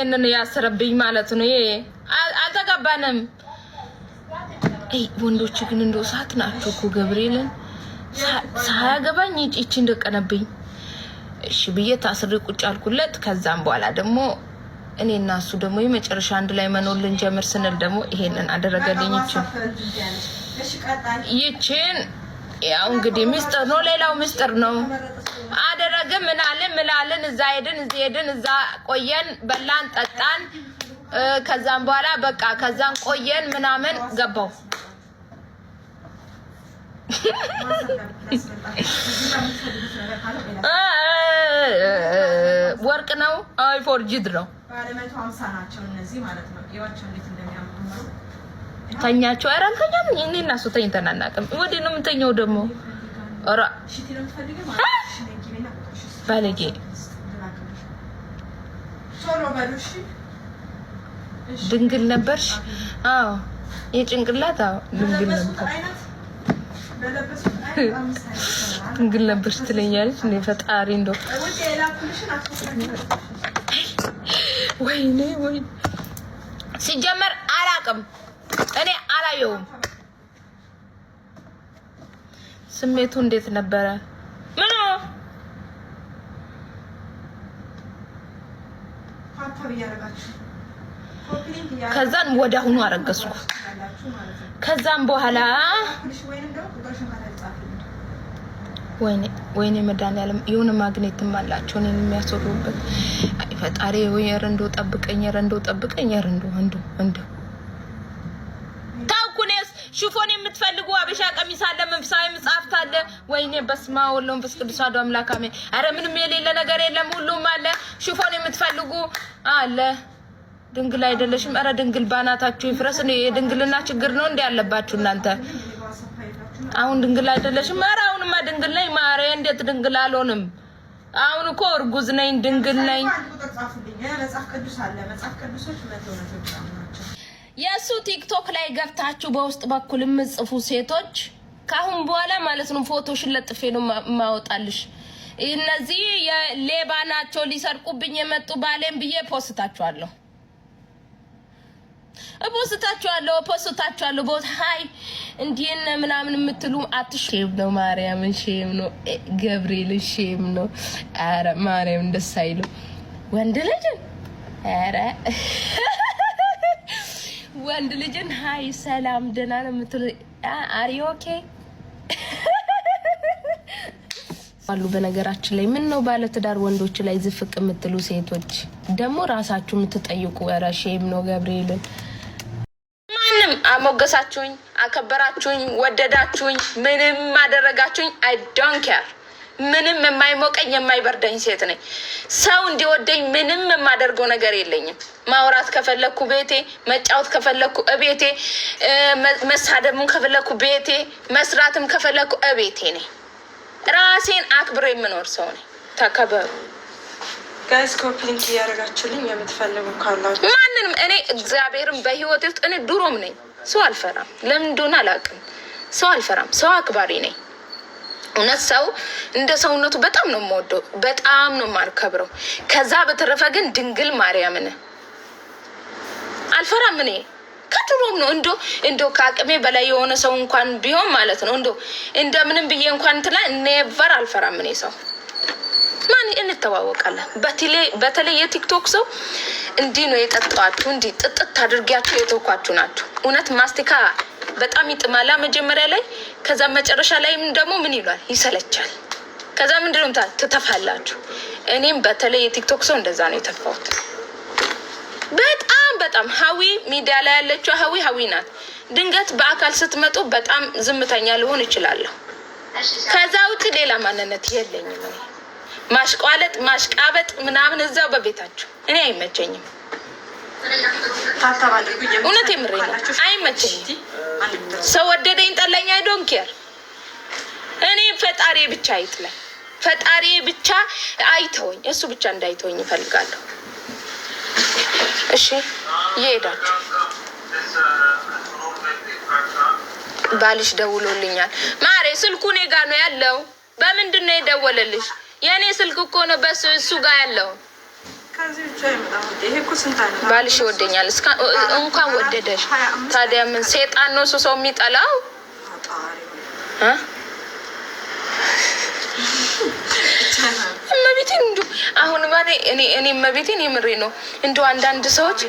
ይህንን ያስረብኝ ማለት ነው። ይሄ አልተገባንም። ወንዶች ግን እንደው ሰዓት ናቸው እኮ ገብርኤልን ሳያገባኝ ይቺ እንደቀነብኝ እሺ ብዬ ታስሬ ቁጭ አልኩለት። ከዛም በኋላ ደግሞ እኔ እና እሱ ደግሞ የመጨረሻ አንድ ላይ መኖር ልንጀምር ስንል ደግሞ ይሄንን አደረገልኝ። ይችን ይችን ያው እንግዲህ ሚስጥር ነው፣ ሌላው ሚስጥር ነው። አደረገ ምናልን ምላልን እዛ ሄድን እዚህ ሄድን እዛ ቆየን፣ በላን ጠጣን። ከዛም በኋላ በቃ ከዛን ቆየን ምናምን ገባው ወርቅ ነው። አይ ጅድ ነው። ተኛቸው። ኧረ እኔ እና ተኝተን አናውቅም። ነው የምተኛው ደግሞ? ባለጌ ድንግል ነበርሽ? አዎ የጭንቅላት አዎ ድንግል ነበር ድንግል ነበርሽ ትለኛለች። እንደ ፈጣሪ እንደው ወይኔ ወይ ሲጀመር አላቅም እኔ አላየውም። ስሜቱ እንዴት ነበረ? ምን ከዛን ወደ አሁኑ አረገዝኩ። ከዛም በኋላ ወይኔ ወይኔ መድኃኒዓለም የሆነ ማግኔትም አላቸው እኔን የሚያስወሩበት። ፈጣሪ ወይ ረንዶ ጠብቀኝ፣ ረንዶ ጠብቀኝ፣ ረንዶ እንዶ እንዶ ሽፎን የምትፈልጉ አበሻ ቀሚስ አለ፣ መንፈሳዊ መጽሐፍት አለ። ወይኔ በስመ አብ ወወልድ ወመንፈስ ቅዱስ አሐዱ አምላክ አሜን። ምንም የሌለ ነገር የለም፣ ሁሉም አለ። ሽፎን የምትፈልጉ አለ። ድንግል አይደለሽም? አረ ድንግል ባናታችሁ ይፍረስ። የድንግልና ችግር ነው እንዴ ያለባችሁ እናንተ አሁን ድንግል አይደለሽም? አረ አሁንማ ድንግል ነኝ። ማረ እንዴት ድንግል አልሆንም? አሁን እኮ እርጉዝ ነኝ፣ ድንግል ነኝ። የእሱ ቲክቶክ ላይ ገብታችሁ በውስጥ በኩል የምጽፉ ሴቶች ከአሁን በኋላ ማለት ነው ፎቶሽን ለጥፌ ነው ማወጣልሽ። እነዚህ የሌባ ናቸው ሊሰርቁብኝ የመጡ ባሌን ብዬ ፖስታችኋለሁ፣ እፖስታችኋለሁ፣ እፖስታችኋለሁ። ቦታ ሀይ እንዲህን ምናምን የምትሉ አትሼም ሼም ነው ማርያምን፣ ሼም ነው ገብርኤልን፣ ሼም ነው ኧረ ማርያምን ደስ አይልም ወንድ ልጅን አንድ ልጅን ሀይ ሰላም ደህና ነው የምትሉ ኦኬ አሉ። በነገራችን ላይ ምን ነው ባለትዳር ወንዶች ላይ ዝፍቅ የምትሉ ሴቶች ደግሞ ራሳችሁ የምትጠይቁ ረሼም ነው ገብርኤልን ማንም አሞገሳችሁኝ፣ አከበራችሁኝ፣ ወደዳችሁኝ፣ ምንም አደረጋችሁኝ አይ ዶንት ኬር ምንም የማይሞቀኝ የማይበርደኝ ሴት ነኝ። ሰው እንዲወደኝ ምንም የማደርገው ነገር የለኝም። ማውራት ከፈለግኩ ቤቴ፣ መጫወት ከፈለግኩ እቤቴ፣ መሳደብም ከፈለግኩ ቤቴ፣ መስራትም ከፈለግኩ እቤቴ ነኝ። ራሴን አክብሮ የምኖር ሰው ነኝ። ተከበሩ ጋይስ። ኮፕሊንክ እያደረጋችሁልኝ የምትፈልጉ ካላችሁ ማንንም እኔ እግዚአብሔርም በህይወት ውስጥ እኔ ድሮም ነኝ። ሰው አልፈራም። ለምን እንደሆነ አላውቅም። ሰው አልፈራም። ሰው አክባሪ ነኝ። እውነት ሰው እንደ ሰውነቱ በጣም ነው የምወደው፣ በጣም ነው የማልከብረው። ከዛ በተረፈ ግን ድንግል ማርያምን አልፈራም እኔ ከድሮም ነው እንዶ እንዶ ከአቅሜ በላይ የሆነ ሰው እንኳን ቢሆን ማለት ነው እንዶ እንደምንም ብዬ እንኳን እንትላ ኔቨር አልፈራም እኔ ሰው ማን እንተዋወቃለን። በተለይ የቲክቶክ ሰው እንዲህ ነው የጠጣዋችሁ፣ እንዲህ ጥጥት አድርጊያችሁ የተውኳችሁ ናችሁ። እውነት ማስቲካ በጣም ይጥማላ መጀመሪያ ላይ፣ ከዛ መጨረሻ ላይም ደግሞ ምን ይሏል ይሰለቻል። ከዛ ምንድነው ትተፋላችሁ። እኔም በተለይ የቲክቶክ ሰው እንደዛ ነው የተፋሁት። በጣም በጣም ሀዊ ሚዲያ ላይ ያለችው ሀዊ ሀዊ ናት። ድንገት በአካል ስትመጡ በጣም ዝምተኛ ልሆን እችላለሁ። ከዛ ውጭ ሌላ ማንነት የለኝም። ማሽቋለጥ ማሽቃበጥ ምናምን እዛው በቤታችሁ እኔ አይመቸኝም። እውነት የምሬ ነው አይመቸኝም። ሰው ወደደኝ ጠላኝ፣ አይ ኬር። እኔ ፈጣሪ ብቻ አይጥለኝ፣ ፈጣሪ ብቻ አይተወኝ፣ እሱ ብቻ እንዳይተወኝ እፈልጋለሁ። እሺ እየሄዳችሁ ባልሽ ደውሎልኛል ማሬ፣ ስልኩ እኔ ጋ ነው ያለው። በምንድን ነው የደወለልሽ? የእኔ ስልክ እኮ ነው በእሱ ጋር ያለው። ባልሽ ይወደኛል እንኳን ወደደሽ። ታዲያ ምን ሴጣን ነው ሰው የሚጠላው? እመቤቴን እንዲሁ አሁን ባኔ እኔ እኔ እመቤቴን የምሬ ነው እንዲሁ አንዳንድ ሰዎች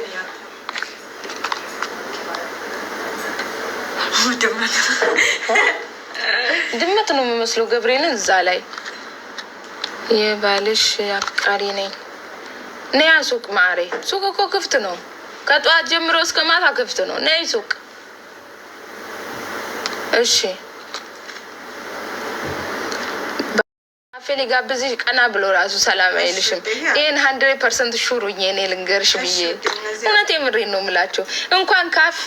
ድመት ነው የምመስለው ገብርኤልን እዛ ላይ የባልሽ አፍቃሪ ነኝ ነያ ሱቅ ማሬ፣ ሱቅ እኮ ክፍት ነው። ከጠዋት ጀምሮ እስከ ማታ ክፍት ነው። ነይ ሱቅ። እሺ ካፌ ሊጋብዝሽ ቀና ብሎ ራሱ ሰላም አይልሽም። ይህን ሀንድሬድ ፐርሰንት ሹሩኝ እኔ ልንገርሽ ብዬ እውነት የምሬ ነው የምላቸው። እንኳን ካፌ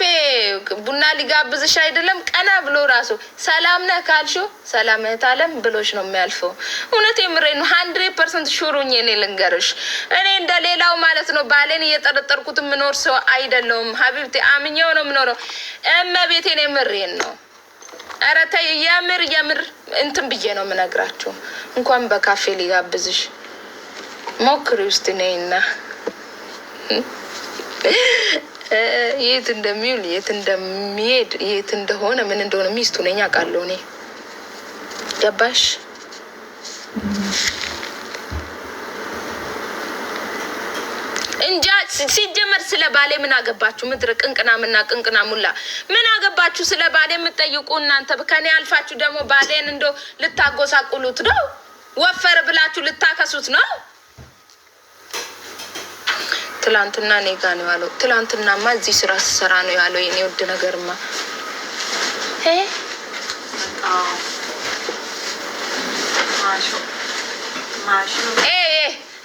ቡና ሊጋብዝሽ አይደለም ቀና ብሎ ራሱ ሰላም ነህ ካልሽው ሰላም እህት አለም ብሎሽ ነው የሚያልፈው። እውነት የምሬ ነው ሀንድሬድ ፐርሰንት ሹሩኝ እኔ ልንገርሽ። እኔ እንደ ሌላው ማለት ነው ባሌን እየጠረጠርኩት የምኖር ሰው አይደለውም። ሀቢብቲ አምኜው ነው የምኖረው። እመቤቴን የምሬን ነው። ኧረ ተይ የምር የምር እንትን ብዬ ነው የምነግራችሁ። እንኳን በካፌ ሊጋብዝሽ ሞክሪ ውስጥ ነይና የት እንደሚውል የት እንደሚሄድ የት እንደሆነ ምን እንደሆነ ሚስቱ ነኝ አውቃለሁ እኔ ገባሽ ሲጀመር ስለ ባሌ ምን አገባችሁ? ምድር ቅንቅናምና ቅንቅና ሙላ ምን አገባችሁ? ስለ ባሌ የምትጠይቁ እናንተ ከኔ አልፋችሁ ደግሞ ባሌን እንዶ ልታጎሳቁሉት ነው። ወፈር ብላችሁ ልታከሱት ነው። ትላንትና እኔ ጋ ነው ያለው። ትላንትናማ እዚህ ስራ ስሰራ ነው ያለው። የኔ ውድ ነገርማ ሄ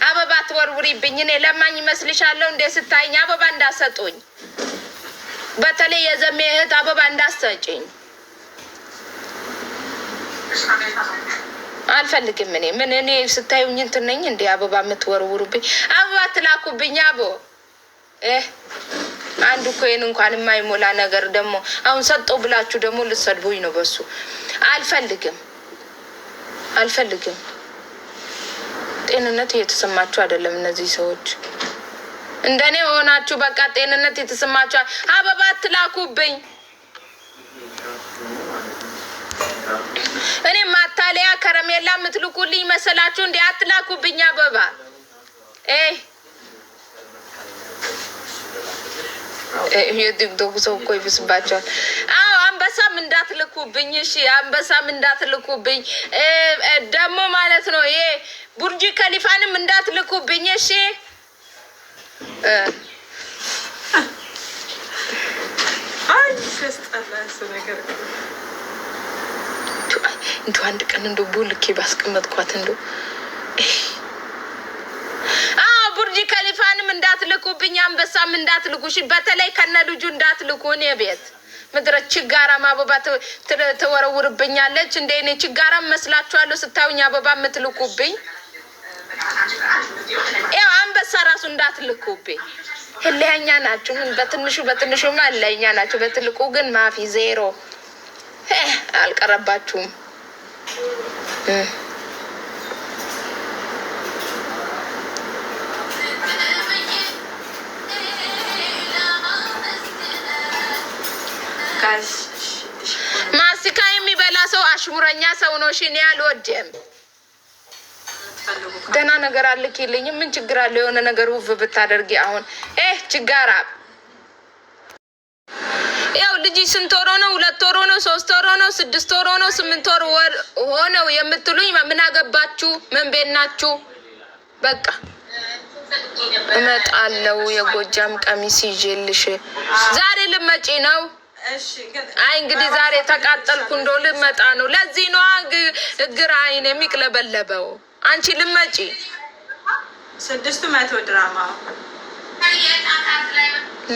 አበባ ትወርውሪብኝ። እኔ ለማኝ ይመስልሻለሁ እንዴ? ስታይኝ አበባ እንዳሰጡኝ፣ በተለይ የዘሜ እህት አበባ እንዳሰጭኝ አልፈልግም። እኔ ምን እኔ ስታዩኝ እንትን ነኝ እንዴ? አበባ የምትወርውሩብኝ፣ አበባ ትላኩብኝ። አቦ አንድ እኮ ይህን እንኳን የማይሞላ ነገር ደግሞ አሁን ሰጠው ብላችሁ ደግሞ ልትሰድቡኝ ነው። በሱ አልፈልግም፣ አልፈልግም ጤንነት እየተሰማችሁ አይደለም። እነዚህ ሰዎች እንደኔ ሆናችሁ በቃ ጤንነት የተሰማችሁ አበባ አትላኩብኝ። እኔ ማታለያ ከረሜላ የምትልኩልኝ መሰላችሁ? እንዲ አትላኩብኝ አበባ የድግዶ ሰው እኮ ይብስባቸዋል። አዎ አንበሳም እንዳትልኩብኝ፣ እሺ አንበሳም እንዳትልኩብኝ። ደግሞ ማለት ነው ይሄ ቡርጅ ከሊፋንም እንዳትልኩብኝ፣ እሺ እንደ አንድ ቀን እንደ ቦልኬ ባስቀመጥኳት እንደ እንዳትልኩብኝ፣ አንበሳም እንዳትልኩሽ፣ በተለይ ከነ ልጁ እንዳትልኩ። እኔ ቤት ምድረ ችጋራም አበባ ትወረውርብኛለች። እንደ እኔ ችጋራም መስላችኋለሁ? ስታዩኝ አበባ የምትልኩብኝ ያው አንበሳ ራሱ እንዳትልኩብኝ። ህሊያኛ ናችሁ። ምን በትንሹ በትንሹ ህለኛ ናችሁ፣ በትልቁ ግን ማፊ ዜሮ አልቀረባችሁም። ማስቲካ የሚበላ ሰው አሽሙረኛ ሰው ነው። እሺ እኔ አልወድም። ደህና ነገር አልክልኝም። ምን ችግር አለው? የሆነ ነገር ውብ ብታደርጊ አሁን እ ችጋራ ያው ልጅ ስንት ወር ሆነው? ሁለት ወር ሆነው? ሶስት ወር ሆነው? ስድስት ወር ሆነው? ስምንት ወር ሆነው የምትሉኝ ምን አገባችሁ? ምን ቤት ናችሁ? በቃ እመጣለሁ። የጎጃም ቀሚስ ይዤልሽ ዛሬ ልመጪ ነው። አይ እንግዲህ ዛሬ ተቃጠልኩ እንደው ልመጣ ነው። ለዚህ ነዋ እግር አይን የሚቅለበለበው። አንቺ ልመጪ ስድስቱ መቶ ድራማ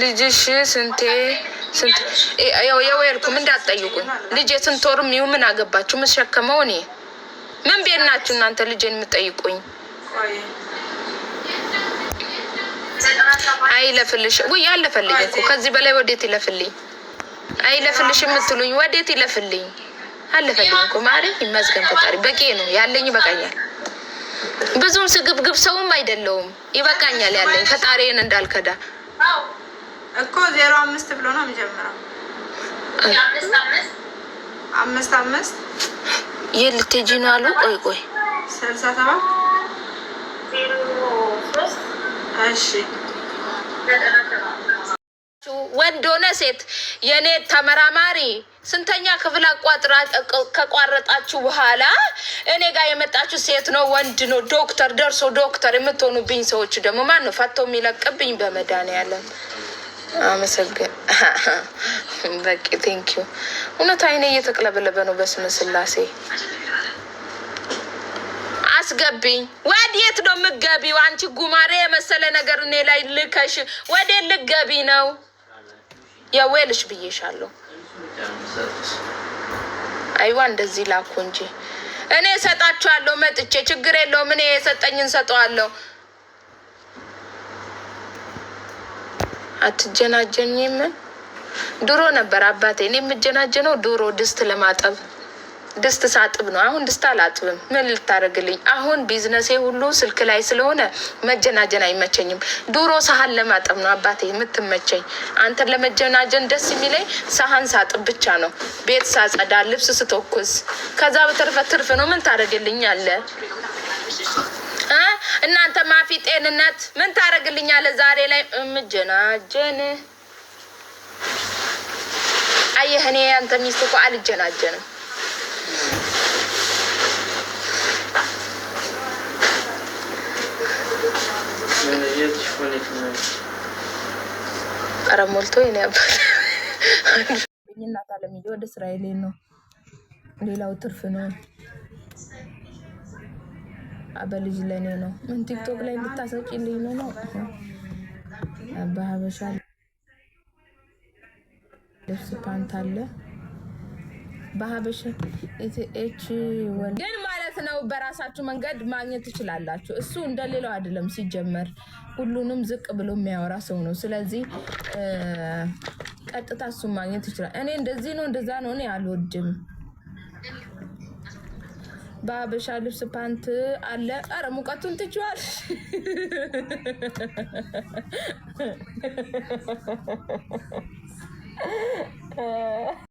ልጅሽ ስንቴ የወልኩም እንዳትጠይቁኝ። ልጄ ስንት ወርም ይሁን ምን አገባችሁ? ምሸከመው እኔ ምን ቤት ናችሁ እናንተ ልጄን የምትጠይቁኝ? አይ ይለፍልሽ። ያለፈልኝ እኮ ከዚህ በላይ ወዴት ይለፍልኝ? አይለፍልሽ የምትሉኝ ወዴት ይለፍልኝ? አለፈልኝ እኮ ማሪ ይመስገን ፈጣሪ በቂ ነው ያለኝ፣ ይበቃኛል። ብዙም ስግብግብ ሰውም አይደለውም። ይበቃኛል ያለኝ ፈጣሪን እንዳልከዳ እኮ ዜሮ አምስት ብሎ ነው የሚጀምረው። አምስት አምስት ይህ ልትሄጂ ነው አሉ። ቆይ ቆይ ስልሳ ሰባት እሺ ወንድ ሆነ ሴት የኔ ተመራማሪ ስንተኛ ክፍል አቋጥራ ከቋረጣችሁ በኋላ እኔ ጋር የመጣችሁ ሴት ነው ወንድ ነው ዶክተር ደርሶ ዶክተር የምትሆኑብኝ ሰዎች ደግሞ ማን ነው ፈቶ የሚለቅብኝ? በመድኃኒዓለም አመሰግን በቂ እውነት አይኔ እየተቅለበለበ ነው። በስመ ስላሴ አስገብኝ። ወዴት ነው የምትገቢው? አንቺ ጉማሬ የመሰለ ነገር እኔ ላይ ልከሽ ወዴት ልገቢ ነው? ያወልሽ ብዬሻለሁ። አይዋ እንደዚህ ላኩ እንጂ እኔ እሰጣችኋለሁ። መጥቼ ችግር የለውም። እኔ የሰጠኝን ሰጠዋለሁ። አትጀናጀኝም። ድሮ ነበር አባቴ እኔ የምጀናጀነው ድሮ ድስት ለማጠብ ድስት ሳጥብ ነው። አሁን ድስት አላጥብም። ምን ልታደርግልኝ? አሁን ቢዝነሴ ሁሉ ስልክ ላይ ስለሆነ መጀናጀን አይመቸኝም። ድሮ ሳህን ለማጠብ ነው አባቴ የምትመቸኝ። አንተን ለመጀናጀን ደስ የሚለኝ ሳህን ሳጥብ ብቻ ነው። ቤት ሳጸዳ፣ ልብስ ስተኩስ፣ ከዛ በተረፈ ትርፍ ነው። ምን አለ እናንተ ማፊ ጤንነት ምን ታደርግልኛለ? ዛሬ ላይ የምጀናጀን አየህ። እኔ አንተ ሚስት እኮ አልጀናጀንም። ኧረ ሞልቶ የኔ አባት እናት አለምዬ ወደ እስራኤል ነው። ሌላው ትርፍ ነው። አበልጅ ለእኔ ነው። ምን ቲክቶክ ላይ እንድታሰቂልኝ ነው ነው በሀበሻ ልብስ ፓንት አለ በሀበሻ ግን ማለት ነው። በራሳችሁ መንገድ ማግኘት ትችላላችሁ። እሱ እንደሌላው አይደለም። ሲጀመር ሁሉንም ዝቅ ብሎ የሚያወራ ሰው ነው። ስለዚህ ቀጥታ እሱን ማግኘት ይችላል። እኔ እንደዚህ ነው እንደዛ ነው እኔ አልወድም። በሀበሻ ልብስ ፓንት አለ። አረ ሙቀቱን ትችዋል።